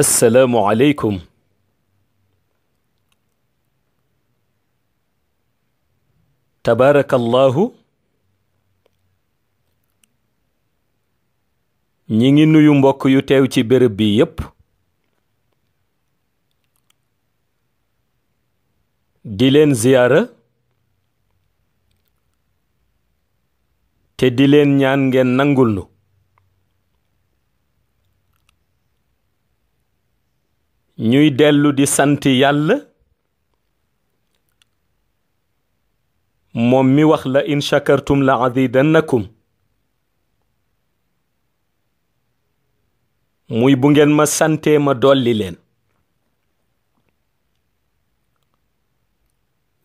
assalaamu aleykum tabaarakallaahu ñi ngi nuyu mbokk yu teew ci bërëb bi yépp di leen ziyaara te di leen ñaan ngeen nangul nu ñuy dellu di sant yàlla moom mi wax la in shakartum la azidannakum muy bu ngeen ma sante ma dolli leen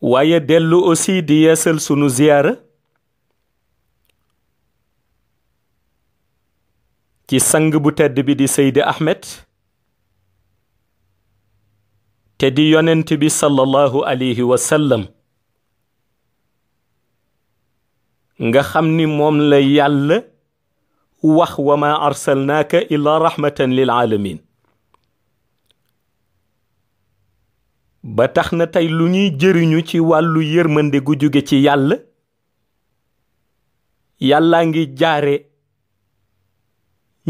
waaye dellu aussi di yeesal sunu ziyaara ci sang bu tedd bi di Seydi Ahmed te di yonent bi sallallahu alayhi wa nga xam ni moom la yàlla wax wa ma arsalnaaka illa rahmatan lil aalamin ba tax na tey lu ñuy jëriñu ci wàllu yërmande gu jóge ci yàlla yàllaa ngi jaare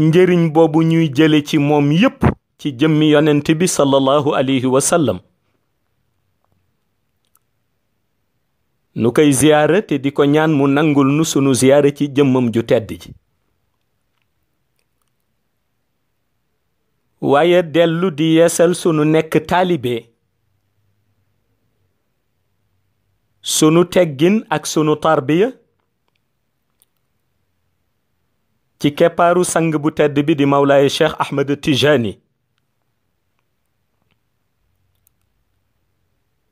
njëriñ boobu ñuy jële ci moom yépp ci jëmmi yonent bi sallallahu alayhi wa sallam nu koy ziyaara te di ko ñaan mu nangul nu sunu ziyaara ci jëmmam ju tedd ji waaye dellu di yeesal sunu nekk taalibe sunu teggin ak sunu tarbiya ci keppaaru sang bu tedd bi di mawlaay cheikh Ahmed Tijani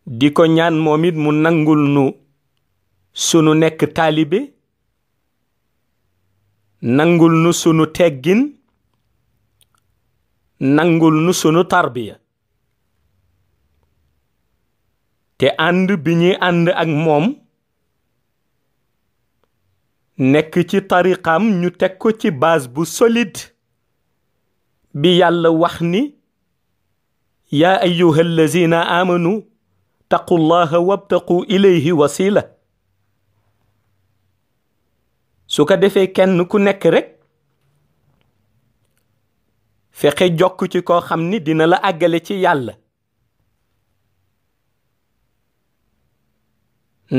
di ko ñaan moom mu nangul nu sunu nekk taalibe nangul nu sunu teggin nangul nu sunu tarbiya te ànd bi ñuy ànd ak moom nekk ci tariqam ñu teg ko ci baas bu solid bi yàlla wax ni yaa ayyuha allazina amanu taqullaha wabtaqu ilayhi wasila su ko defee kenn ku nekk rekk fexe jokk ci koo xam ni dina la àggale ci yàlla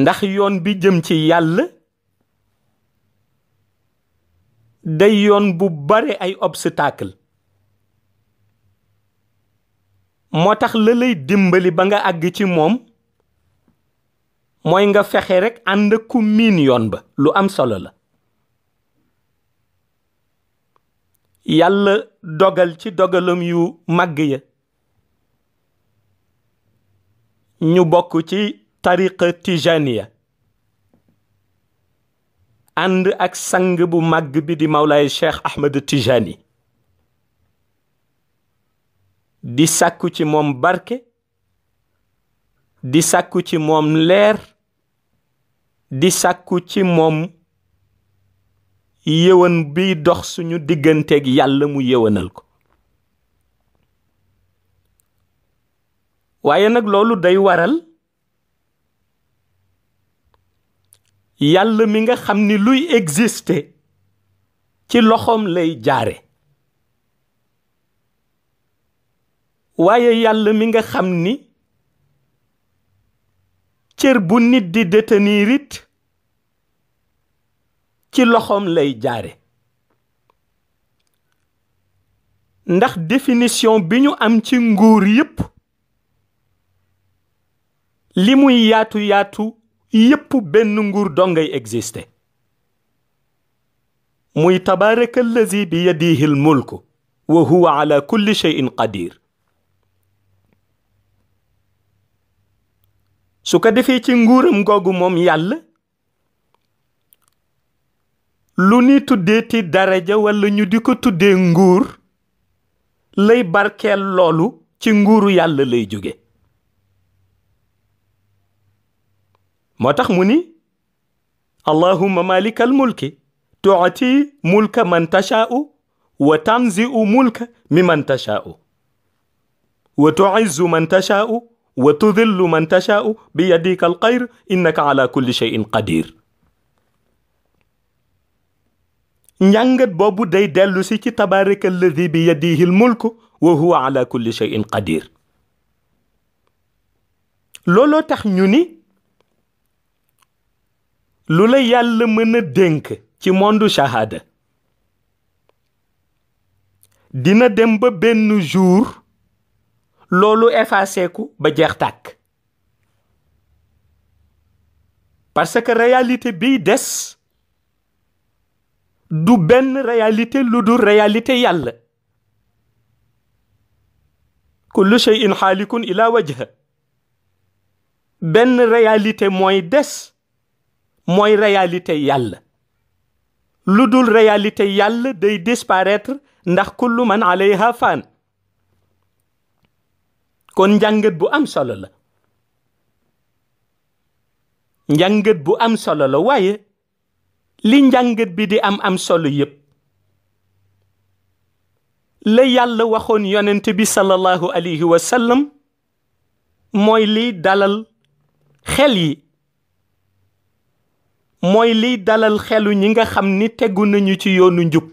ndax yoon bi jëm ci yàlla day yoon bu bare ay obstacle moo tax la dimbali ba nga àgg ci moom mooy nga fexe rekk ànd ku miin yoon ba lu am solo la yàlla dogal ci dogalam yu màgg ya ñu bokk ci tariqa ya ànd ak sang bu màgg bi di Mawlaay Cheikh Ahmed Tijani di sàkku ci moom barke di sàkku ci moom leer di sàkku ci moom yëwan biy dox suñu digganteeg yàlla mu yëwanal ko waaye nag loolu day waral yàlla mi nga xam ni luy exister ci loxoom lay jaare waaye yàlla mi nga xam ni cër bu nit di détenir it ci loxoom lay jaare ndax définition bi ñu am ci nguur yépp li muy yaatu yaatu yépp benn nguur dongay exister muy tabaaraka allazi bi yadihi l mulku wa huwa ala kulli shay'in qadir su ko defee ci nguuram googu moom yàlla lu ni tuddee ti daraja walla ñu di ko tuddee nguur lay barkeel loolu ci nguur yàlla lay jóge moo tax mu ni allahumma malika al mulki tuati mulka man tashaau wa tanziu mulka mi man tashaau wa tuizzu man tashaau wa tudillu man tashaa'u bi yadika alxayr innaka ala kulli shay'in qadir njàngat boobu day dellu si ci tabaraka alladi bi yadihi almulku wa huwa ala kulli shay'in qadir looloo tax ñu ni lu la yàlla mën a dénk ci mondu shahada dina dem ba benn jour loolu effacé ku ba jeex tàkk parce que réalité bi des du benn réalité lu dul réalité yàlla kullu shay'in xaalikun ila wajha benn réalité mooy des mooy réalité yàlla lu dul réalité yàlla day disparaître ndax kullu man alayha fan kon njàngat bu am solo la njàngat bu am solo la waaye li njàngat bi di am am solo yépp la yàlla waxoon yonent bi sallallahu alayhi wa sallam mooy liy dalal xel yi mooy liy dalal xelu ñi nga xam ni tegu nañu ci yoonu njub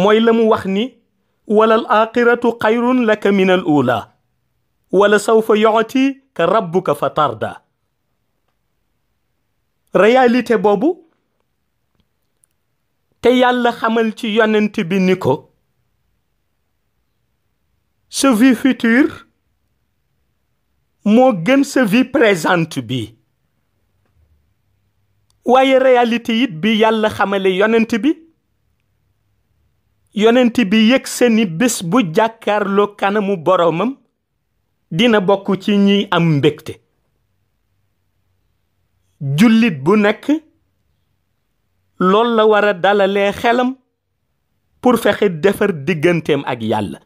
mooy la mu wax ni walla al axiratu xayrun min al ula wala sawfa yu'tika rabbuka fa tarda réalité boobu te yàlla xamal ci yonent bi ni ko sa vie future moo gën sa vie présente bi waaye réalité it bi yàlla xamale yonent bi yonent bi yëgse ni bés bu jàkkaarloo kanamu boroomam dina bokk ci ñuy am mbégte jullit bu nekk loolu la war a dalalee xelam pour fexe defar digganteem ak yàlla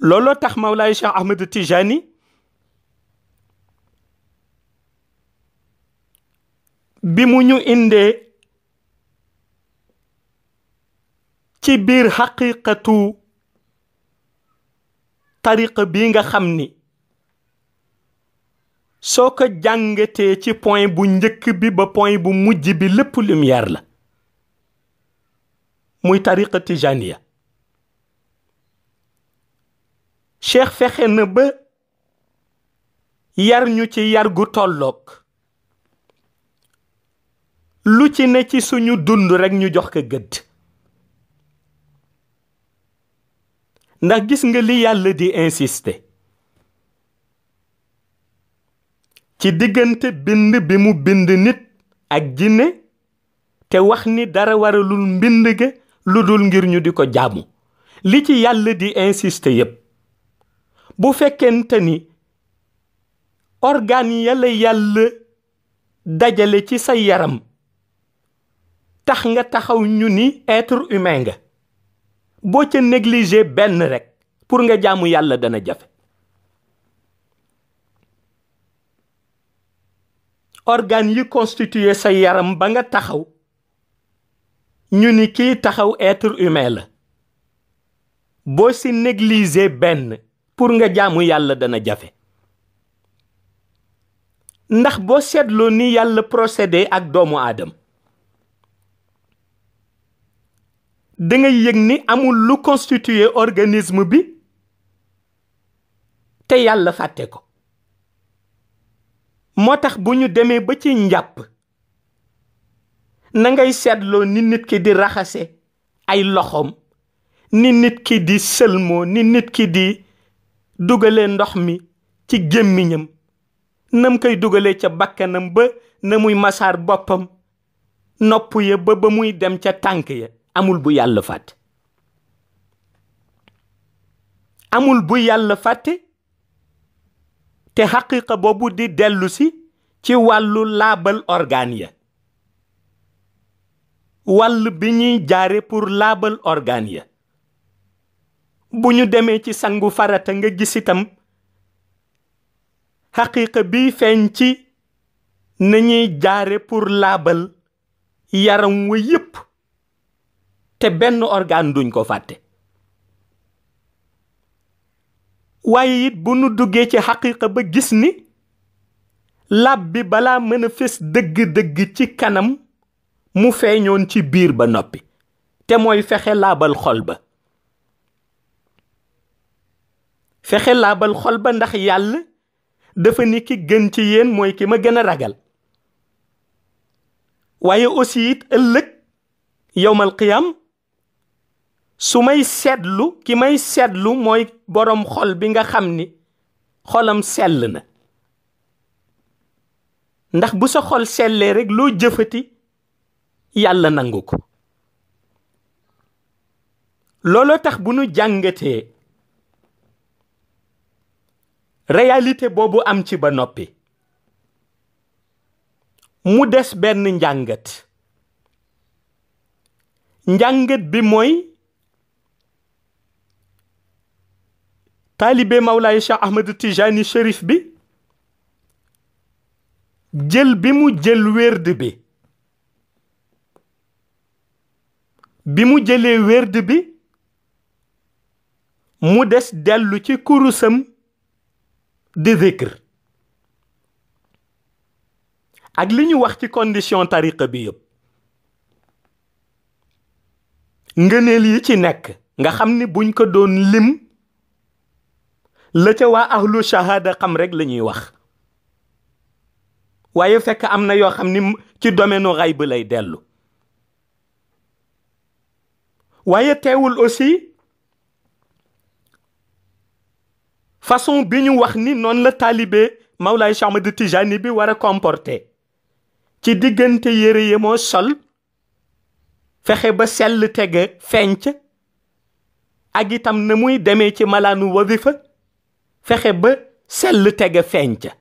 looloo tax Mawlaay Cheikh Ahmed Tijani bi mu ñu indee ci biir xaqiqatu tariqa bi nga xam ni soo ko jàngatee ci point bu njëkk bi ba point bu mujj bi lépp yar la muy tariqa tijaniya cheikh fexe na ba yar ñu ci yar gu tolloog lu ci ne ci suñu dund rekk ñu jox ko gëdd ndax gis nga li yàlla di insister ci diggante bind bi mu bind nit ak jinne te wax ni dara waralul mbind ga lu dul ngir ñu di ko jaamu li ci yàlla di insister yépp bu fekkente ni organe yàlla yàlla dajale ci sa yaram tax nga taxaw ñu ni être humain nga boo ca négligé benn rek pour nga jaamu yàlla dana jafe organe yi constitué sa yaram ba nga taxaw ñu ni kii taxaw être humain la boo ci négligé benn pour nga jaamu yàlla dana jafe ndax boo seetloo ni yàlla procédé ak doomu aadama da ngay yëg ni amul lu constituer organisme bi te yàlla fàtte ko moo tax bu ñu demee ba ci njàpp na ngay seetloo ni nit ki di raxase ay loxoom ni nit ki di sëlmoo ni nit ki di dugalee ndox mi ci gémmiñam nam koy dugalee ca bakkanam ba na muy masaar boppam nopp ya ba ba muy dem ca tànk ya amul bu yàlla fàtte bu yàlla fàtte te xaqiqa boobu di dellusi ci wàllu laabal organe ya bi ñuy jaare pour laabal organe bu ñu demee ci sangu farata nga gis itam xaqiqa bi feeñ ci nañuy jaare pour laabal yaram wa yépp te benn organe duñ ko fàtte waaye it bu nu duggee ci xaqiiqa ba gis ni lab bi balaa mën a fés dëgg-dëgg ci kanam mu feeñoon ci biir ba noppi te mooy fexe laabal xol ba ndax yàlla dafa ni ki gën ci yéen mooy ki ma gën a ragal waaye aussi it ëllëg yowmal qiyaam su may seetlu ki may seetlu mooy boroom xol bi nga xam ni xolam sell na ndax bu sa xol sellee rek loo jëfati yàlla nangu ko looloo tax bu nu jàngatee réalité boobu am ci ba noppi mu des benn njàngat njàngat bi mooy taalibe Mawlaay Cheikh Ahmed Tijani Cherif bi jël bi mu jël werd bi bi mu jëlee werd bi mu des dellu ci kurusam di zikr ak li ñu wax ci condition tariqa bi yépp ngëneel yi ci nekk nga xam ni buñ ko doon lim la ca waa ahlu shahada xam rek lañuy wax waaye fekk am na yoo xam ni ci domaine ray bi lay dellu waaye teewul aussi façon bi ñu wax ni noon la taalibe Mawlaay chamme Ahmad Tijani bi war a comporte ci diggante yére yi sol fexe ba sell tege fenc ak itam na muy demee ci malaanu wadifa fexe ba sell tege feeñ ca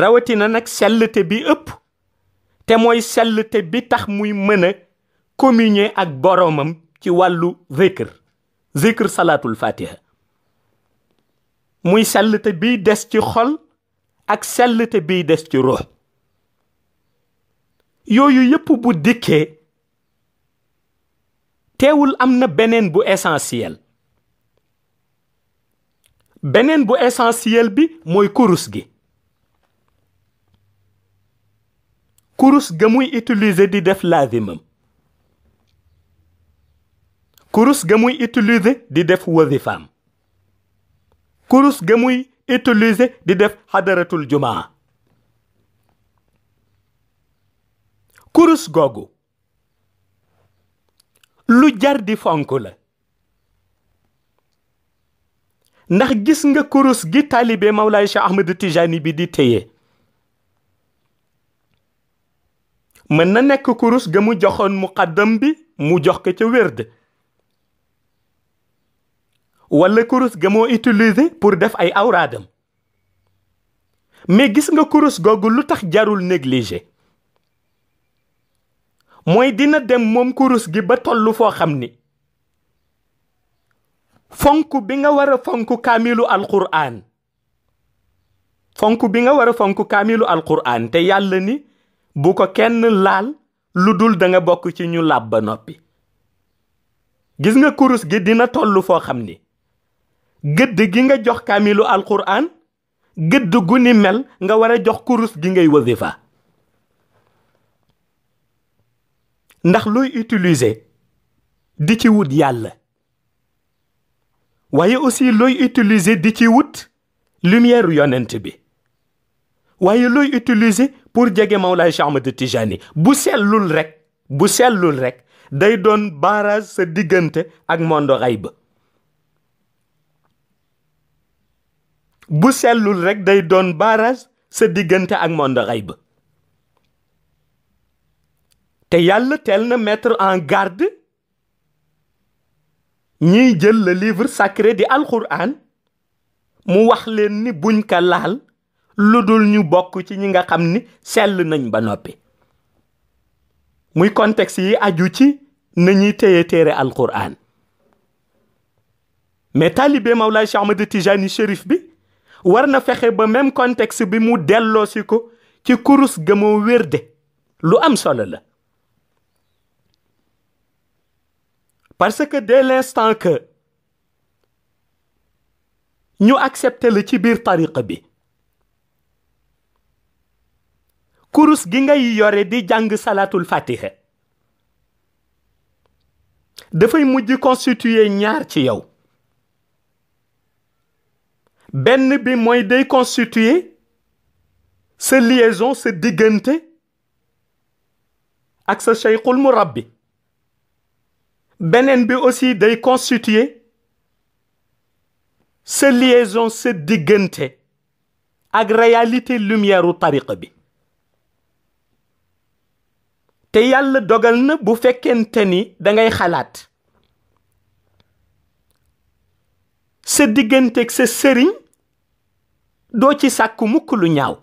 rawatina nag sellte bi ëpp te mooy sellte bi tax muy mën a ak boroomam ci wàllu zikr zikr salaatul fatiha muy sellte biy des ci xol ak sellte biy des ci ruux yooyu yëpp bu dikkee teewul am na beneen bu essentiel beneen bu essentiel bi mooy kurus gi kurus ga muy utiliser di def laazimam kurus ga muy utiliser di def wazifaam kurus ga muy utiliser di def xadaratul jumaa kurus googu lu jar di fonk la ndax gis nga kurus gi taalibe Mawlaay Cheikh Ahmed Tijani bi di téye mën na nekk kurus ga mu joxoon muqaddam bi mu jox ko ca wérd wala kurus ga moo utiliser pour def ay awraadam mais gis nga kurus googu lu tax jarul négligé mooy dina dem moom kurus gi ba tollu foo xam ni fonk bi nga war fonk kaamilu alqur'aan fonk bi nga war a fonk kaamilu alqur'aan te yàlla ni bu ko kenn laal lu dul danga bokk ci ñu làb ba noppi gis nga kurus gi dina toll foo xam ni gëdd gi nga jox kaamilu alqur'aan gëdd gu ni mel nga war a jox kurus gi ngay fa ndax luy utiliser di ci wut yàlla waaye aussi looy utiliser di ci wut lumière yonent bi waaye looy utiliser pour jege Mawlaay Cheikh de Tijani bu sellul rek bu sellul rekk day doon barrage sa diggante ak mondo xayb bu sellul rek day doon barrage sa diggante ak mondo xayb te yàlla teel na mettre en garde ñiy jël le livre sacré di alquran mu wax leen ni buñ ko laal lu dul ñu bokk ci ñi nga xam ni sell nañu ba noppi muy contexte yi aju ci nañuy ñuy téye téere alquran mais talibé Mawlaay Cheikh Ahmad Tijani Chérif bi war na fexe ba même contexte bi mu delloosi ko ci kurus gëmoo wér de lu am solo la parce que dès l'instant que ñu accepté la ci biir tariqa bi kurus gi ngay yore di jàng salaatul fatiha dafay mujj constituer ñaar ci yow benn bi mooy day constituer sa liaison sa diggante ak sa cheikhul murabbi beneen bi aussi day constituer sa liaison sa diggante ak réalité lumière u tariqa bi te yàlla dogal na bu fekkente ni dangay xalaat sa digganteek sa sëriñ doo ci sàkku mukk lu ñaaw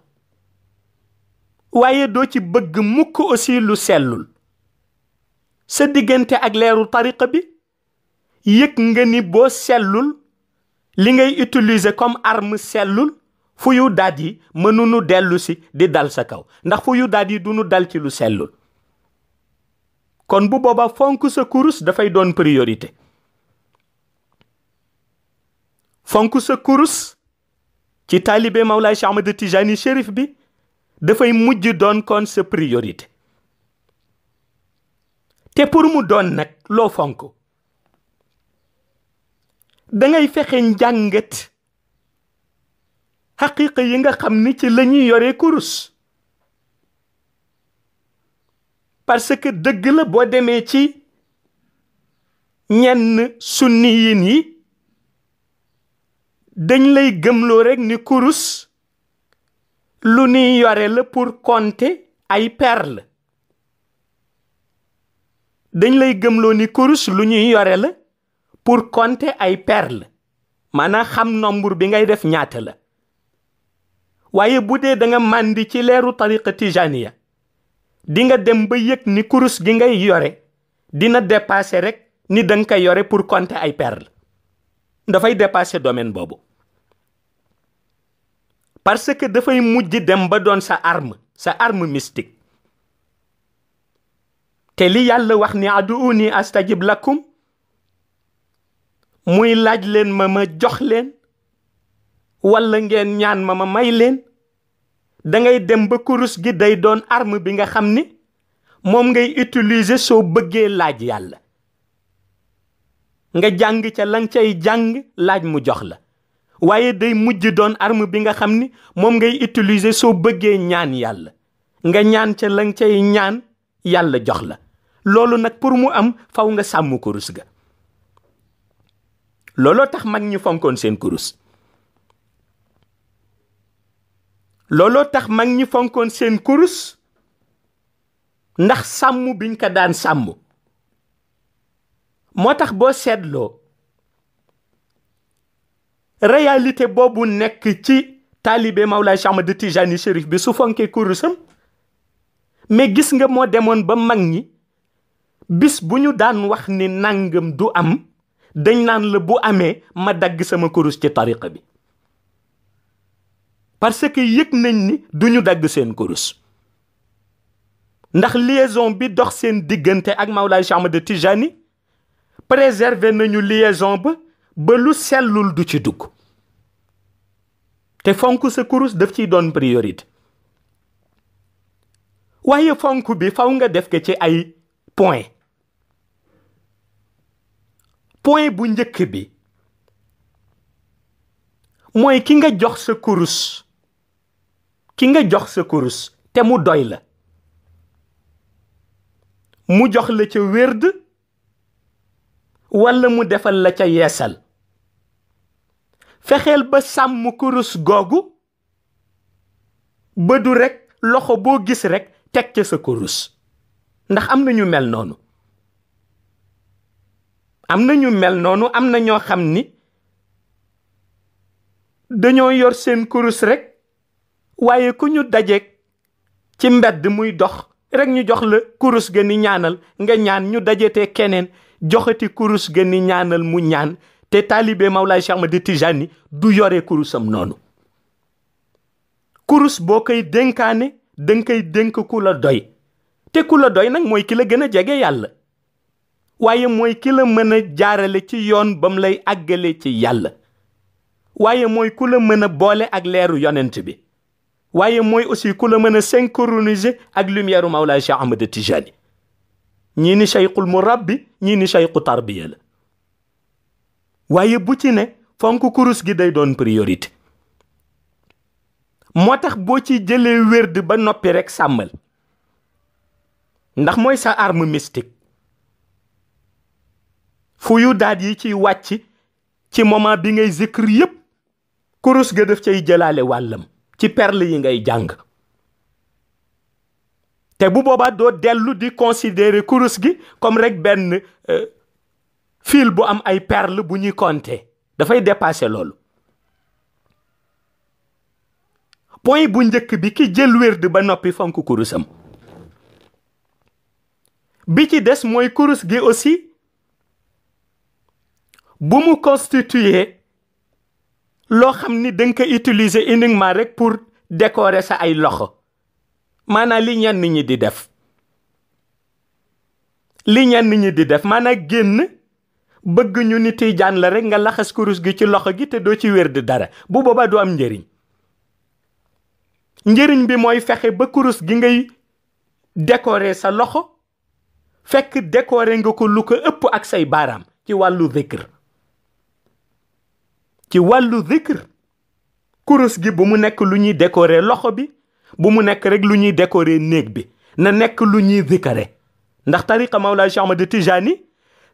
waaye doo ci bëgg mukk aussi lu sellul sa diggante ak leeru tariqa bi yëg nga ni boo sellul li ngay utiliser comme arme sellul fu yu daat yi mënunu dellu si di dal sa kaw ndax fu yu daat yi du nu dal ci lu sellul kon bu booba fonk sa kurus dafay doon priorité fonk sa kurus ci taalibe Mawlaay Cheikh Ahmad Tijani Chérif bi dafay mujj doon kon sa priorité te pour mu doon nag loo fonk dangay fexe njàngat xaqiqa yi nga xam ni ci la yore kurus parce que dëgg la boo demee ci ñenn sunni yin yi dañ lay gëmloo rekk ni kurus lu ñuy yore la pour compter ay perles dañ lay gëmloo ni kurus lu ñuy yore la pour compter ay perles maanaa xam nombre bi ngay def ñaata la waaye bu dee da nga màndi ci leeru tariqa tijaniya di nga dem ba yëg ni kurus gi ngay yore dina dépasser rek ni da nga koy yore pour compter ay perles dafay dépasser domaine boobu parce que dafay mujj dem ba doon sa arme sa arme mystique te li yàlla wax ni aduuni astajib lakum muy laaj leen ma ma jox leen walla ngeen ñaan ma ma may leen dangay dem ba kurus gi day doon arme bi nga xam ni moom ngay utilise soo bëggee laaj yàlla nga jàng ca lang cay jàng laaj mu jox la waaye day mujj doon arme bi nga xam ni moom ngay utilise soo bëggee ñaan yàlla nga ñaan ca lang cay ñaan yàlla jox la loolu nag pour mu am faw nga sàmm kurus ga looloo tax mag ñi fonkoon seen kurus looloo tax mag ñi fonkoon seen kurus ndax sàmm biñ ko daan sàmm moo tax boo seetloo réalité boobu nekk ci taalibe Mawlaay Cheikh Ahmad Tijani Chérif bi su fonkee kurusam mais gis nga moo demoon ba mag ñi bis bu ñu daan wax ni nangam du am dañ naan la bu amee ma dagg sama kurus ci tariqa bi parce que yëg nañ ni duñu dagg seen kurus ndax lieson bi dox seen diggante ak Mawlaay Cheikh de Tijani préserver nañu liaison ba ba lu sellul du ci dugg te fonk sa kurus daf ciy doon priorité waaye fonk bi faw nga def ko ci ay point point bu njëkk bi mooy ki nga jox sa kurus ki nga jox sa kurus te mu doy la mu jox la ca wérd walla mu defal la ca yeesal fexeel ba sàmm kurus googu ba rekk loxo boo gis rekk teg ca sa kurus ndax am na ñu mel noonu am na ñu mel noonu am na ñoo xam ni dañoo yor seen kurus rek waaye ku ñu dajeeg ci mbedd muy dox rek ñu jox la kurus ga ñaanal nga ñaan ñu dajete keneen joxati kurus ga ñaanal mu ñaan te taalibe Mawlaay Cheikh Ahmad Tijani du yore kurusam noonu kurus boo koy dénkaane danga koy dénk ku la doy te ku la doy nag mooy kii la gën a jege yàlla waaye mooy ki mën a jaarale ci yoon ba mu lay àggale ci yàlla waaye mooy ku la mën a boole ak leeru yonent bi waaye mooy aussi ku la mën a synchroniser ak lumière Mawlaay Cheikh Ahmed Tijani ñii ni mu ràbbi ñii ni cheyqu tarbiya la waaye bu ci ne fonk kurus gi day doon priorité moo tax boo ci jëlee wérd ba noppi rekk sàmmal ndax mooy sa arme mystique fuyudaat yi ciy wàcc ci moment bi ngay zikr yépp kurus ga def cay jëlaale wàllam ci perle yi ngay jàng te bu boobaa doo dellu di considérer kurus gi comme rek benn euh, fil bu am ay perle bu ñuy compter dafay dépasser loolu point bu njëkk bi ki jël wérd ba noppi fonk kurusam bi ci des mooy kurus gi aussi bu mu constituer loo xam ni danga ko utiliser uniquement rek pour décorer sa ay loxo maanaam li ñenn ñi di def li ñenn ñi di def maanaam génn bëgg ñu ni Tijaan la rek nga laxas kurus gi ci loxo gi te doo ci wér di dara bu boobaa du am njëriñ njëriñ bi mooy fexe ba kurus gi ngay décorer sa loxo fekk décorer nga ko lu ko ëpp ak say baaraam ci wàllu zikr ci wàllu zikr kurus gi bu mu nekk lu ñuy décorer loxo bi bu mu nekk rek lu ñuy décorer néeg bi na nekk lu ñuy zikare ndax tariqa Mawlaay Cheikh Ahmad Tijani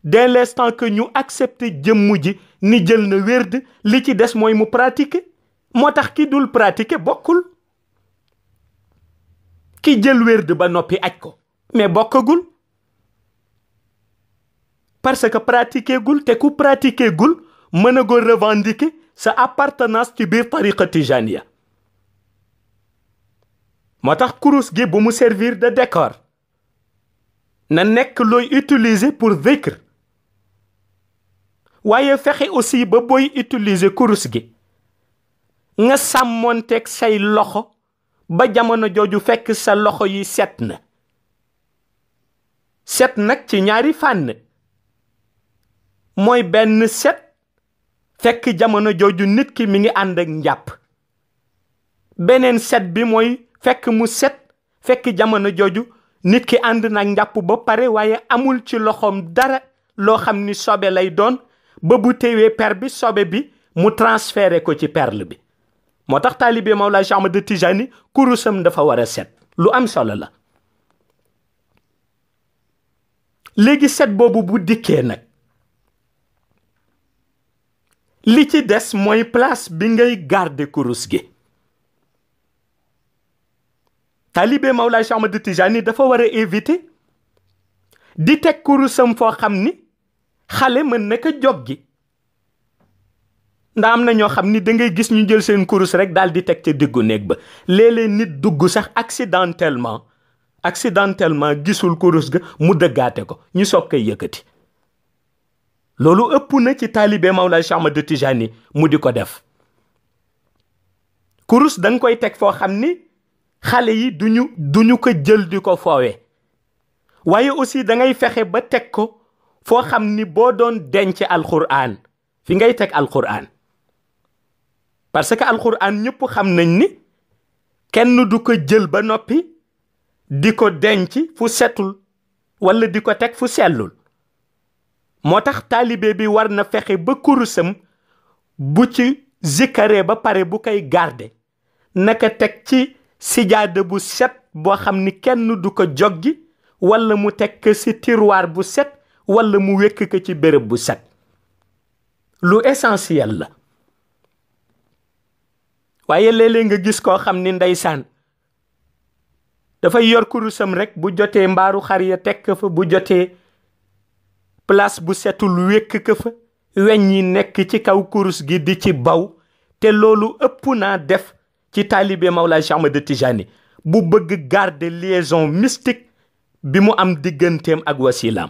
les l'instant que ñu accepté jëmm ji ni jël na wérd li ci des mooy mu pratiquer moo tax ki dul pratiquer bokkul ki jël wérd ba noppi aj ko mais bokkagul parce que pratiquer gul te ku pratiquer gul mën a ko revendiquer sa appartenance ci biir tariqa ya moo tax kurus gi bu mu serviir de décor na nekk looy utiliser pour zikr waaye fexe aussi ba booy utiliser kurus gi nga sàmmoonteeg say loxo ba jamono jooju fekk sa loxo yi set na set nag ci ñaari fànn mooy benn set fekk jamono jooju nit ki mi ngi ànd ak njàpp beneen set bi mooy fekk mu set fekk jamono jooju nit ki ànd na njàpp ba pare waaye amul ci loxoom dara loo xam ni sobe lay doon ba bu téewee per bi sobe bi mu transféré ko ci perle bi moo tax taalibe Mawlaay Cheikh Ahmad Tijani kurusam dafa war a set lu am solo la léegi set boobu bu dikkee nag li ci des mooy place bi ngay garder kurus gi taalibe Mawlaay Cheikh Ahmad Tijaani dafa war a éviter di teg kurusam foo xam ni xale mën nekk ko jog gi ndax am na ñoo xam ni dangay gis ñu jël seen kurus rek daal di teg ca diggu néeg ba léeg-léeg nit dugg sax accidentellement accidentellement gisul kurus ga mu dëggaate ko ñu soog koy yëkkati loolu ëpp na ci taalibe Mawlana Cheikh Ahmad Tijani mu di ko def kurus danga koy teg foo xam ni xale yi duñu duñu ko jël di ko foowe waaye aussi da ngay fexe ba teg ko foo xam ni boo doon denc alxuraan fi ngay teg alxuraan parce que alxuraan ñëpp xam nañ ni kenn du ko jël ba noppi di ko denc fu setul walla di ko teg fu sellul moo tax taalibe bi war na fexe ba kurusam bu ci zikkaree ba pare bu koy garde naka teg ci sijaada bu set boo xam ni kenn du ko joggi walla mu teg ko ci tiroir bu set walla mu wékk ko ci bërëb bu set lu essentiel la waaye léeg nga gis koo xam ni ndeysaan dafay yor kurusam rekk bu jotee mbaaru xar ya teg fa bu jotee place bu setul wékk ka weñ yi nekk ci kaw kurus gi di ci baw te loolu ëpp naa def ci taalibe Mawlaay Cheikh Ahmad Tijani bu bëgg garder lieson mystique bi mu am digganteem ak wasilaam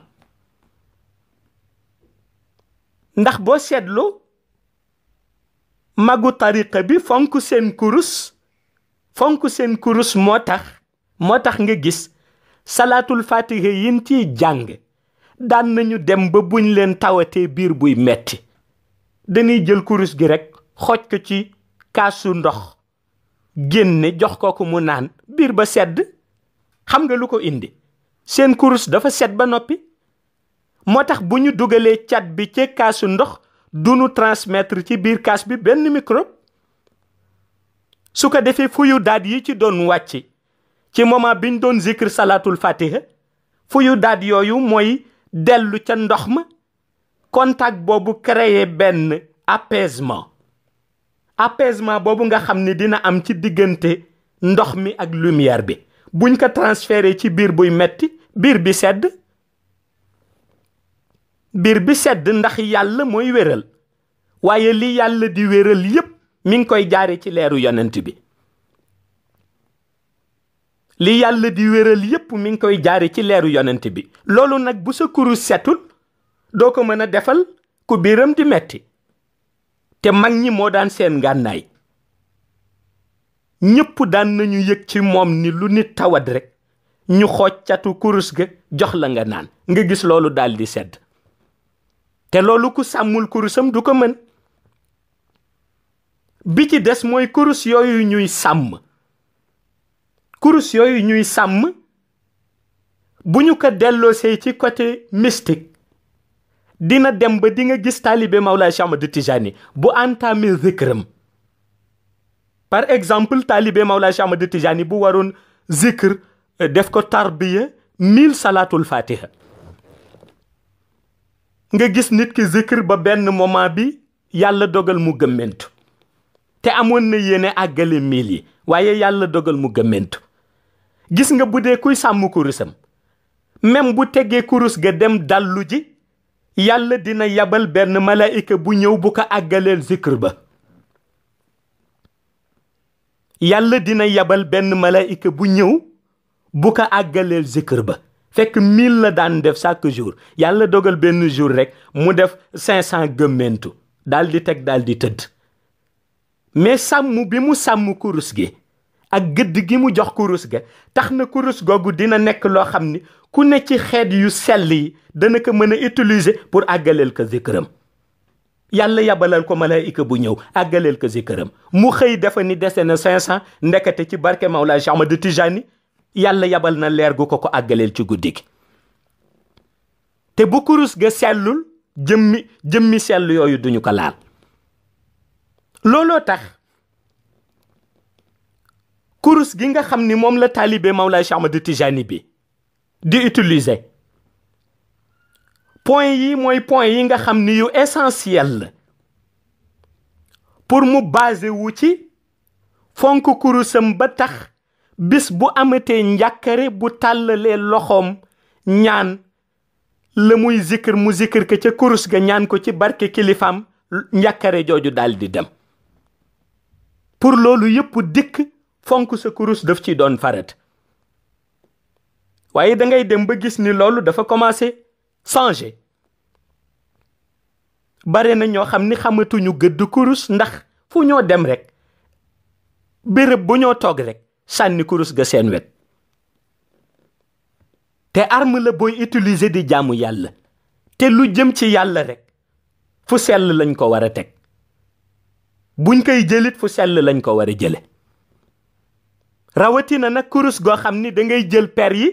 ndax boo seetloo magu tariqa bi fonk seen kurus fonk seen kurus moo tax moo tax nga gis salaatul fatiha yin ciy jàng daan nañu dem ba buñ leen tawatee biir buy metti dañuy jël kurus gi rekk xooj ko ci kaasu ndox génne jox ko ko mu naan biir ba sedd xam nga lu ko indi seen kurus dafa set ba noppi moo tax bu ñu dugalee cat bi ca kaasu ndox dunu transmettre ci biir kaas bi benn microbe su ko defee fuyu daat yi ci doon wàcc ci moment biñ doon zikr salaatul fatiha fuyu daat yooyu mooy dellu ca ndox ma kontak boobu créer benn apaisement apaisement boobu nga xam ni dina am ci diggante ndox mi ak lumière bi buñ ko transféré ci biir buy metti biir bi sedd biir bi sedd ndax yàlla mooy wéral waaye li yàlla di wéral yépp mi ngi koy jaare ci leeru yonent bi li yàlla di wéral yépp mi ngi koy jaare ci leeru yonent bi loolu nag bu sa kurus setul doo ko mën a defal ku biiram di metti te mag ñi moo daan seen ngànnaay ñépp daan nañu yëg ci moom ni lu nit tawat rekk ñu xooj kurus ga jox la nga naan nga gis loolu daal di sedd te loolu ku sàmmul kurusam du ko mën bi ci des mooy kurus yooyu ñuy sàmm kurus yooyu ñuy sàmm bu ñu ko delloosee ci côté mystique dina dem ba di nga gis taalibe Mawlaay Cheikh Ahmadou Tijani bu entamé zikram par exemple taalibe Mawlaay Cheikh Ahmadou Tijani bu waroon zikr eh, def ko tarbiya mille salaatul fatiha nga gis nit ki zikr ba benn moment bi yàlla dogal mu gëmmentu te amoon na yéene àggale mil yi waaye yàlla dogal mu gëmmentu gis nga bu dee kuy sàmm kurusam même bu tegee kurus ga dem dallu ji yàlla dina yabal benn malaayika bu ñëw bu ko àggaleel zikr ba ñëw bu ko àggaleel zikr ba fekk mil la daan def chaque jour yàlla dogal benn jour rekk mu def cinq gëmmentu daal di teg daal di tëdd mais sàmm bi mu sàmm kurus gi ak gëdd gi mu jox kurus ga tax na kurus googu dina nekk loo xam ni ku ne ci xeet yu sell yi dana ko mën a utiliser pour àggaleel ko këram yàlla yabalal ko malaayika bu ñëw àggaleel ko këram mu xëy dafa ni dese na 500 ndekete ci barke Mawlaa Cheikh Ahmad Tijani yàlla yabal na leer gu ko ko àggaleel ci guddi gi te bu kurus ga sellul jëmmi jëmmi sell yooyu duñu ko laal looloo tax. kurus gi nga xam ni moom la taalibe Mawlaay Cheikh Ahmad Tijani bi di utiliser point yi mooy point yi nga xam ni yu essentiel la pour mu basé wu ci fonk kurusam ba tax bis bu amatee njàkkare bu tàllalee loxoom ñaan la muy zikir mu zikir ko ca kurus ga ñaan ko ci barke kilifaam njàkkare jooju daal di dem pour loolu yëpp dikk fonk sa kurus daf ci doon farat waaye da ngay dem ba gis ni loolu dafa commencé changer bare na ñoo xam ni xamatuñu gëdd kurus ndax fu ñoo dem rek béréb bu ñoo toog rekk sànni kurus ga seen wet te arme la booy utiliser di jàmm yàlla te lu jëm ci yàlla rek fu sell lañ ko war a teg buñ koy jëlit fu sell lañ ko war a jële rawatina nag kurus goo xam ni dangay jël per yi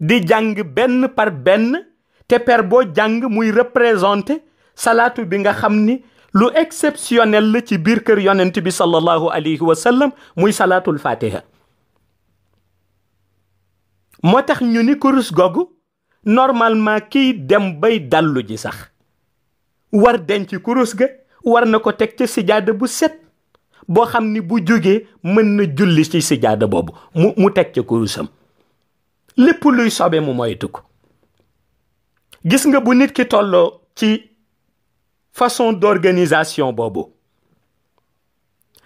di jàng benn par benn te per boo jàng muy représenté salaatu bi nga xam ni lu exceptionnel la ci biir kër yonent bi sallallahu alayhi wa muy salaatul fatiha moo tax ñu ni kurus googu normalement kiy dem bay dallu ji sax war denc kurus ga war na ko teg ca sijaada bu set boo xam ni bu jógee mën na julli ci sijaada boobu mu mu teg ca kurusam lépp luy sobe mu moytu ko gis nga bu nit ki tolloo ci façon d'organisation boobu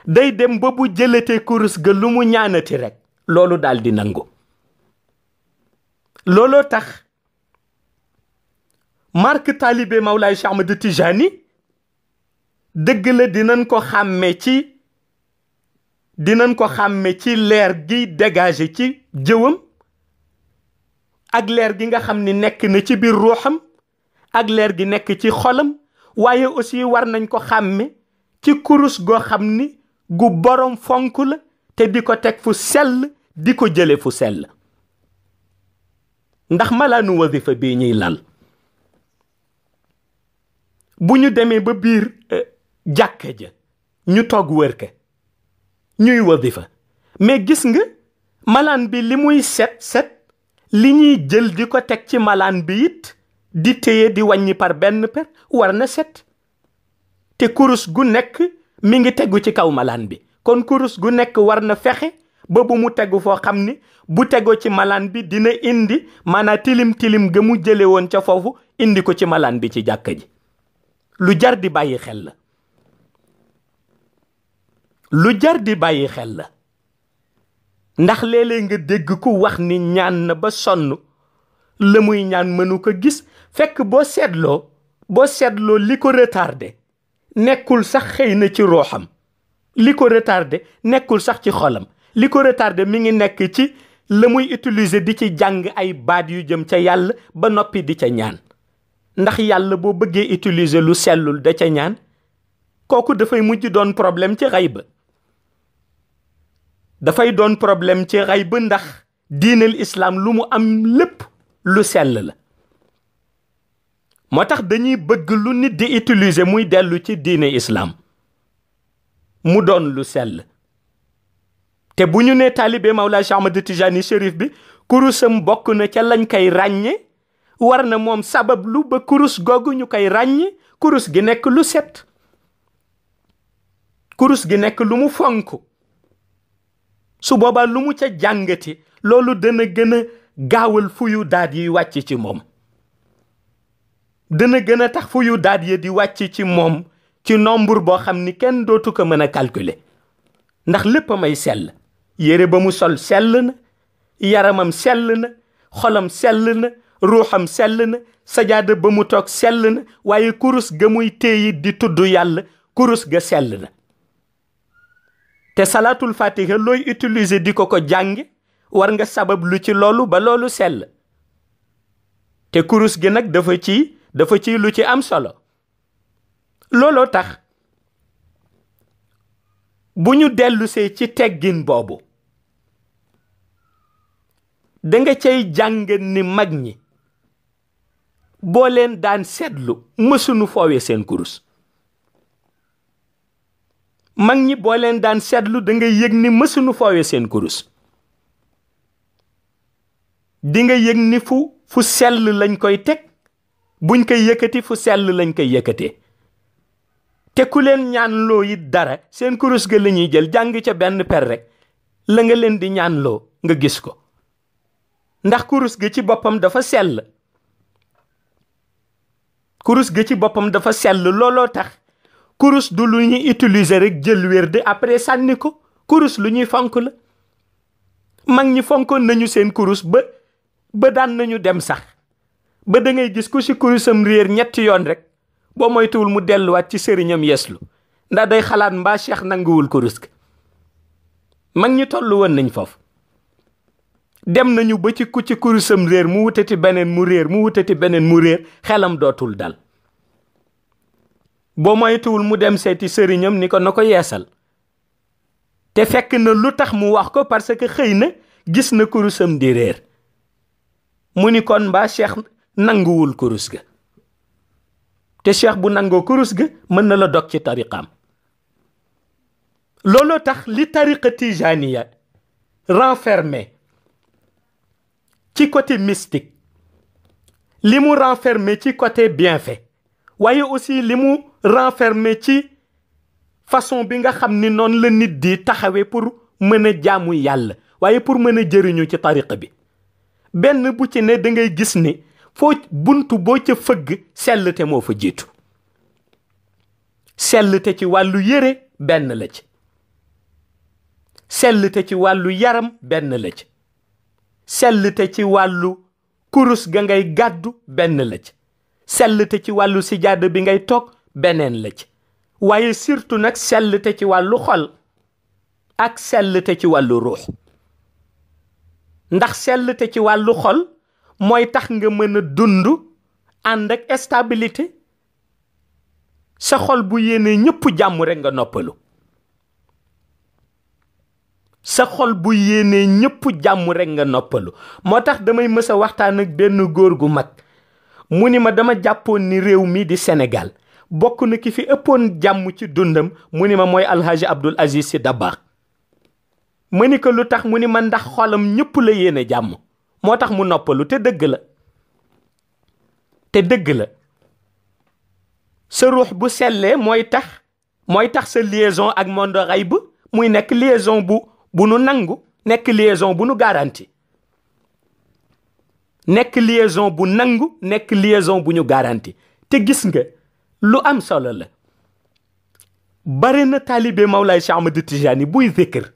day dem ba bu jëlatee kurus ga lu mu ñaanati rekk loolu daal di nangu looloo tax Marc taalibe Mawlaay Cheikh Ahmad Tijani dëgg la dinañ ko xàmme ci dinañ ko xàmme ci leer gi dégagé ci jëwam ak leer gi nga xam ni nekk na ci biir ruuxam ak leer gi nekk ci xolam waaye aussi war nañ ko xàmme ci kurus goo xam ni gu borom fonk la te di ko teg fu sell di ko jële fu sell ndax malaanu wazifa bii ñuy lal bu ñu demee ba biir euh, jàkka ja ñu toog wër ka ñuy fa mais gis nga malaan bi li muy set set li ñuy jël di ko teg ci malaan bi it di téye di wàññi par benn per war na set te kurus gu nekk mi ngi tegu ci kaw malaan bi kon kurus gu nekk war na fexe ba bu mu tegu foo xam ni bu tegoo ci malaan bi dina indi maanaa tilim tilim ga mu jële woon ca foofu indi ko ci malaan bi ci jàkka ji lu jar di bàyyi xel la lu jar di bàyyi xel la ndax léeg-léeg nga dégg ku wax ni ñaan na ba sonn la muy ñaan mënu ko gis fekk boo seetloo boo seetloo li ko retardé nekkul sax xëy na ci rooxam li ko retardé nekkul sax ci xolam li ko retardé mi ngi nekk ci la muy utiliser di ci jàng ay baat yu jëm ca yàlla ba noppi di ca ñaan ndax yàlla boo bëggee utiliser lu sellul da ca ñaan kooku dafay mujj doon problème ci xay ba dafay doon problème ci xay ba ndax diinal islaam lu mu am lépp lu sell la moo tax dañuy bëgg lu nit di utiliser muy dellu ci diine islaam mu doon lu sell te bu ñu nee taalibee taalibe Mawlaa Cheikh Ahmad Tijani Chérif bi kurusam bokk na ca lañ koy ràññe war na moom sabab lu ba kurus googu ñu koy ràññe kurus gi nekk lu set kurus gi nekk lu mu fonk su boobaa lu mu ca jàngati loolu dana gën a gaawal fuyu daat yi wàcc ci moom dana gën a tax fuyu daat yi di wàcc ci moom ci nombre boo xam ni kenn dootu ko mën a calculer ndax lépp may sell yére ba mu sol sell na yaramam sell na xolam sell na ruuxam sell na sajaada ba mu toog sell na waaye kurus ga muy téeyit di tudd yàlla kurus ga sell na te salaatul fatiha looy utilise di ko ko jàng war nga sabab lu ci loolu ba loolu sell te kurus gi nag dafa ci dafa ci lu ci am solo looloo tax bu ñu dellusee ci teggin boobu da nga cay jàng ni mag ñi boo leen daan seetlu mësunu foowee seen kurus mag ñi boo leen daan seetlu da nga yëg ni mësuñu foowe seen kurus dinga yëg ni fu fu sell lañ koy teg buñ koy yëkkati fu sell lañ koy yëkkatee te ku leen ñaanloo loo it dara seen kurus ga la ñuy jël jàng ca benn per rek la nga leen di ñaanloo nga gis ko ndax kurus ga ci boppam dafa sell kurus gi ci boppam dafa sell looloo tax kurus du lu ñuy utilise rek jël di après sànni ko kurus lu ñuy fonk la mag ñi fonkoon nañu seen kurus ba ba daan nañu dem sax ba da ngay gis ku ci kurusam réer ñetti yoon rek boo moytuwul mu delluwaat ci sëriñam yeeslu ndax day xalaat mbaa cheikh nanguwul kurus ga mag ñi toll woon nañ foofu dem nañu ba ci ku ci kurusam réer mu wutati beneen mu réer mu wutati beneen mu réer xelam dootul dal boo moytuwul mu dem seeti sëriñam ni ko na ko yeesal te fekk na lu tax mu wax ko parce que xëy na gis na kurusam di réer mu ni kon mbaa cheikh nanguwul kurus ga te cheikh bu nangoo kurus ga mën na la dog ci tariqaam looloo tax li tariqa tijaniya renfermé ci côté mystique li mu renfermé ci côté bienfait waaye aussi li mu renfermer ci façon bi nga xam ni noonu la nit di taxawee pour mën a jaamu yàlla waaye pour mën a jëriñu ci tariqa bi benn bu ci ne da gis ni foo buntu boo ca fëgg sellte moo fa jiitu sellte ci wàllu yére benn la ci sellte ci wàllu yaram benn la ci sellte ci wàllu kurus ga ngay gàddu benn la ci sellte ci wàllu sijaada bi ngay toog beneen la ci waaye surtout nag sellte ci wàllu xol ak sellte ci wàllu ruux ndax sellte ci wàllu xol mooy tax nga mën a dund ànd ak stabilité sa xol bu yéenee ñëpp jàmm rekk nga noppalu moo tax damay mësa waxtaan ak benn góor gu mag mu ni ma dama jàppoon ni réew mi di senegal bokk na ki fi ëppoon jàmm ci dundam mu ni ma mooy alhaji Abdoul Aziz Sy Dabakh ma ni ko lu tax mu ni ma ndax xolam ñëpp la yéene jàmm moo tax mu noppalu te dëgg la te dëgg la sa ruux bu sellee mooy tax mooy tax sa liaison ak monde ba muy nekk liaison bu bu nu nangu nekk liaison bu nu garanti nekk lieson bu nangu nekk lieson bu ñu garanti te gis nga lu am solo la bare na taalibe Mawlaay Cheikh Ahmad Tijaani buy zikr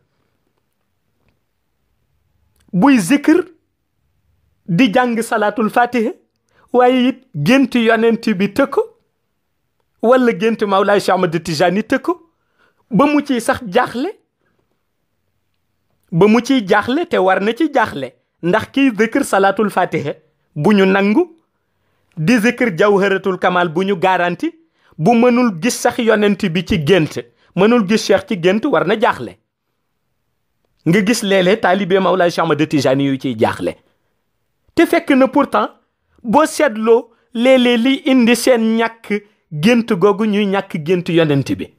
buy zikr di jàng salaatul fatiha waaye it gént yonent bi tëkko wala gént Mawlaay Cheikh Ahmad Tijaani tëkko ba mu ciy sax jaaxle ba mu ciy jaaxle te war na ci jaaxle ndax kiy zikr salaatul fatiha bu ñu nangu di zikr jawharatul kamal bu ñu gaaranti bu mënul gis sax yonent bi ci gént mënul gis cheikh ci gént war na jaaxle nga gis léeg-léeg taalibe Mawlaay Cheikh Ahmad Tijaani yu ciy jaaxle te fekk na pourtant boo seetloo léeg-léeg liy indi seen ñàkk gént googu ñuy ñàkk gént yonent bi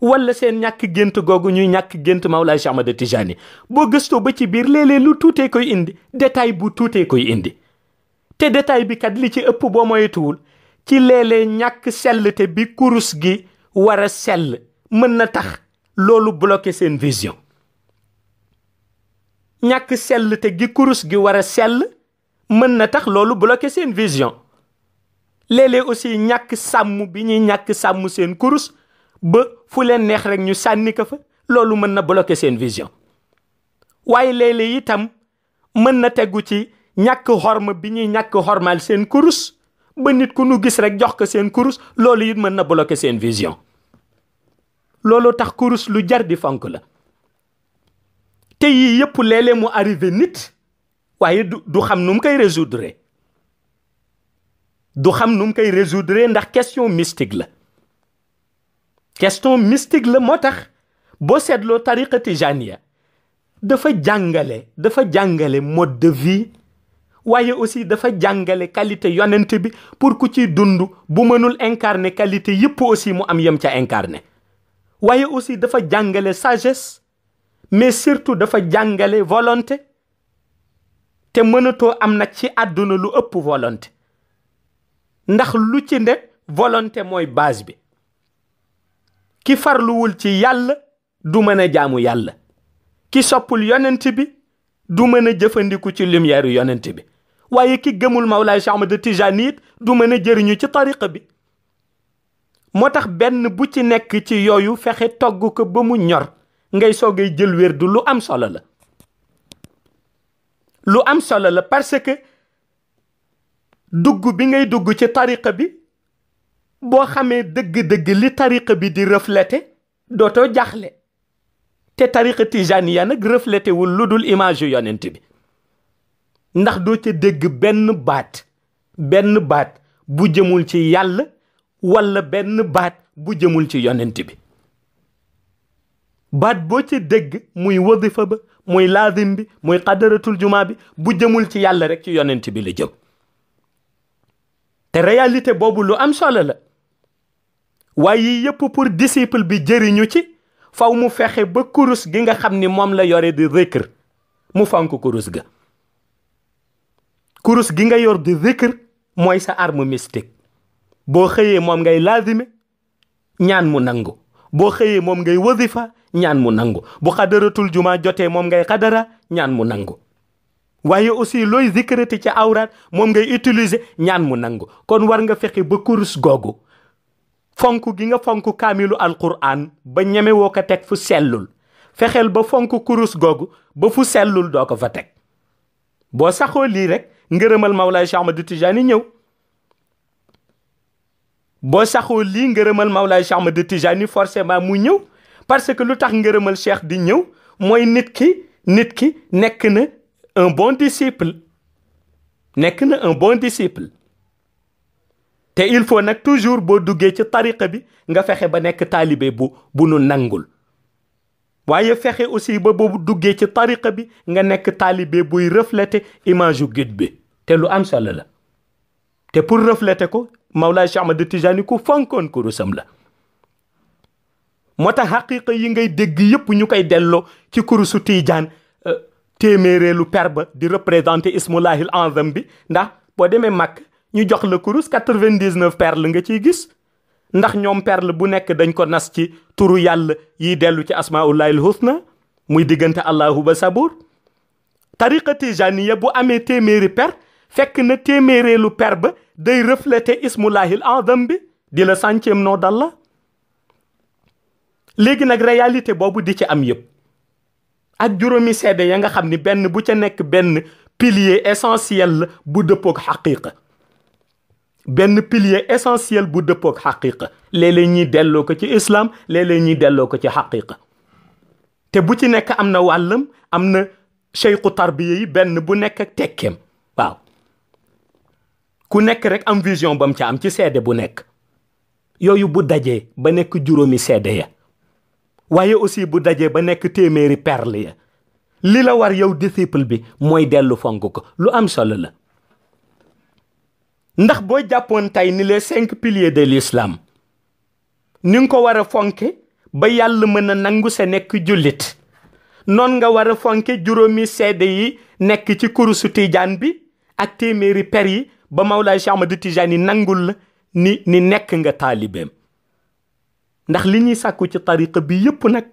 wala seen ñàkk gént googu ñuy ñàkk gént Mawlaay Cheikh Ahmad Tijani boo gëstoo ba ci biir léeg lu tuutee koy indi détail bu tuutee koy indi te détail bi kat li ci ëpp boo moyetuwul ci léeg ñàkk sellte bi kurus gi war a sell mën na tax loolu bloqué seen vision ñàkk sellte gi kurus gi war a sell mën na tax loolu bloqué seen vision léeg aussi ñàkk sàmm bi ñuy ñàkk sàmm seen kurus ba fu leen neex rek ñu sànni ko fa loolu mën na bloquer seen vision waaye léeg-léeg itam mën na tegu ci ñàkk xorma bi ñuy ñàkk xormaal seen kurus ba nit ku nu gis rek jox ko seen kurus loolu it mën na bloquer seen vision loolu tax kurus lu jar di fonk la te yii yëpp léeg mu arrivé nit waaye du du xam nu mu koy résoudre du xam nu mu koy résoudre ndax question mystique la question mystique la moo tax boo seetloo tariqa tijaniya dafa jàngale dafa jàngale mode de waaye aussi dafa jàngale qualité yonent bi pour ku ci dund bu mënul incarner qualité yëpp aussi mu am yem ca incarner waaye aussi dafa jàngale sagesse mais surtout dafa jàngale volonté te mënatoo am nag ci àdduna lu ëpp volonté ndax lu ci ne volonté mooy base bi ki farluwul ci yàlla du mën a jaamu yàlla ki soppul yonent bi du mën a jëfandiku ci lumière yonent bi waaye ki gëmul Mawlaay Cheikh Ahmad Tijani it du mën a jëriñu ci tariqa bi moo tax benn bu ci nekk ci yooyu fexe togg ko ba mu ñor ngay soogay jël wér du lu am solo la lu am solo la parce que dugg bi ngay dugg ci tariqa bi boo xamee dëgg-dëgg li tariqa bi di doo dootoo jaxle te tariqa tijaniya nag reflété lu dul image yu yonent bi ndax doo ca dëgg benn baat benn baat bu jëmul ci yàlla walla benn baat bu jëmul ci yonent bi baat boo ca dëgg muy wadifa ba muy laazim bi muy qadaratul juma bi bu jëmul ci yàlla rek ci yonent bi la jëm te réalité boobu lu am solo la waaye yëpp pour disciple bi jëriñu ci faw mu fexe ba kurus gi nga xam ni moom la yore di zikr mu fonk kurus ga kurus gi nga yor di zikr mooy sa arme mystique boo xëyee moom ngay laazime ñaan mu nangu boo xëyee moom ngay wazifa ñaan mu nangu bu xadaratul jumaa jotee moom ngay xadara ñaan mu nangu waaye aussi looy zikrati ci awraat moom ngay utiliser ñaan mu nangu kon war nga fexe ba kurus googu fonk gi nga fonk kaamilu alquran ba ñemewoo ko teg fu sellul fexeel ba fonk kurus googu ba fu sellul doo ko fa teg boo saxoo lii rek ngërëmal Mawlaay Cheikh Ahmadou Tidiane ñëw boo saxoo lii ngërëmal Mawlaay Cheikh Ahmadou Tidiane forcément mu ñëw parce que lu tax ngërëmal cheikh di ñëw mooy nit ki nit ki nekk na un bon disciple nekk na un bon disciple te il faut nag toujours boo duggee ci tariqa bi nga fexe ba nekk taalibee bu bu nu nangul waaye fexe aussi ba boobu duggee ci tariqa bi nga nekk taalibe buy refléter image yu guide bi te lu am solo la te pour refléter ko Mawlaay Cheikh Ahmad Tijaani ku fonkoon kurusam la moo tax xaqiqa yi ngay dégg yépp ñu koy delloo ci kurusu Tijaan euh, téeméereelu per ba di représenter ismullahil azam bi ndax boo demee Makka ñu jox la kurus quatre-vingt-dix-neuf perle nga ciy gis ndax ñoom perle bu nekk dañ ko nas ci turu yàlla yiy dellu ci asmaullahil husna muy diggante allahu ba sabuur tariqa tijaniya bu amee téeméeri per fekk na téeméereelu per ba day refléter ismullahil azam bi di la centième nom d'Allah léegi nag réalité boobu di ci am yëpp ak juróomi seede ya nga xam ni benn bu ca nekk benn pilier essentiel la bu dëppoog xaqiqa benn pilier essentiel bu dëppoog xaqiqa léeg-léeg ñuy delloo ko ci islam léeg-léeg ñuy delloo ko ci xaqiqa te bu ci nekk am na wàllam am na cheyqu tarbiya yi benn bu nekk ak tekkeem waaw ku nekk rek am vision ba mu ca am ci seede bu nekk yooyu bu dajee ba nekk juróomi seede ya waaye aussi bu dajee ba nekk téeméeri perle ya li la war yow disciple bi mooy dellu fonk ko lu am solo la ndax boo jàppoon tey ni les cinq piliers de l'islam ni ko war a fonke ba yàlla mën na nangu sa nekk jullit noon nga war a fonke juróomi seede yi nekk ci kurusu tijaan bi ak téeméeri per yi ba Mawlaay Cheikh Ahmadu Tijaan yi nangul la ni ni nekk nga taalibeem ndax li ñuy sàkku ci tariqa bi yëpp nag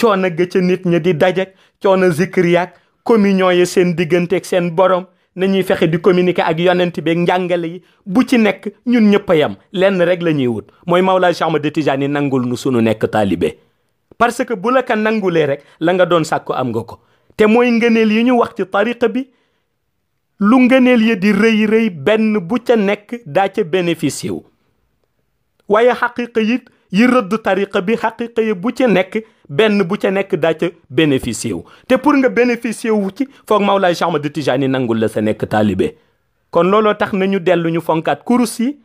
coono ga ca nit ña di dajak coono zikriyaak communion ya seen digganteeg seen borom nañuy fexe di communiquer ak yonent bi njàngale yi bu ci nekk ñun ñëpp yem lenn rek la ñuy wut mooy Mawlaay Cheikh Ahmad Tijaani yi nangul nu sunu nekk taalibe parce que bu la ko nangulee rek la nga doon sàkku am nga ko te mooy ngëneel yi ñu wax ci tariqa bi lu ngëneel ya di rëy rëy benn bu ca nekk daa ca bénéficié waaye xaqiqa yi yi rëdd tariqa bi xaqiqa yi bu ca nekk benn bu ca nekk daa ca bénéficier wu te pour nga bénéficier wu ci foog maw Mawlaay Cheikh Ahmad Tijaani nangul la sa nekk taalibe kon looloo tax nañu dellu ñu fonkaat kurus yi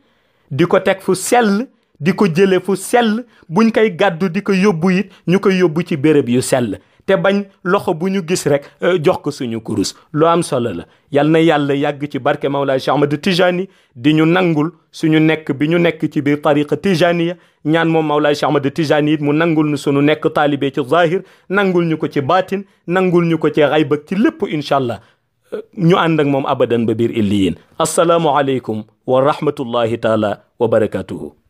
di ko teg fu sell di ko jële fu sell buñ koy gàddu di ko yóbbu it ñu koy yóbbu ci béréb yu sell te bañ loxo bu ñu gis rek euh, jox ko suñu kurus loo am solo la yal na yàlla yàgg ci barke Mawlaay Cheikh Ahmadu Tijani di ñu nangul suñu nekk bi ñu nekk ci biir tariqa tijaniya ñaan moom Mawlaay Cheikh Ahmadu Tijani it mu nangul ñu suñu nekk taalibe ci zahir nangul ñu ko ci baatin nangul ñu ko ci xayb ci lépp incha allah euh, ñu ànd ak moom abadan ba biir illiyin asalaamualeykum wa rahmatullahi taala wa barakatuhu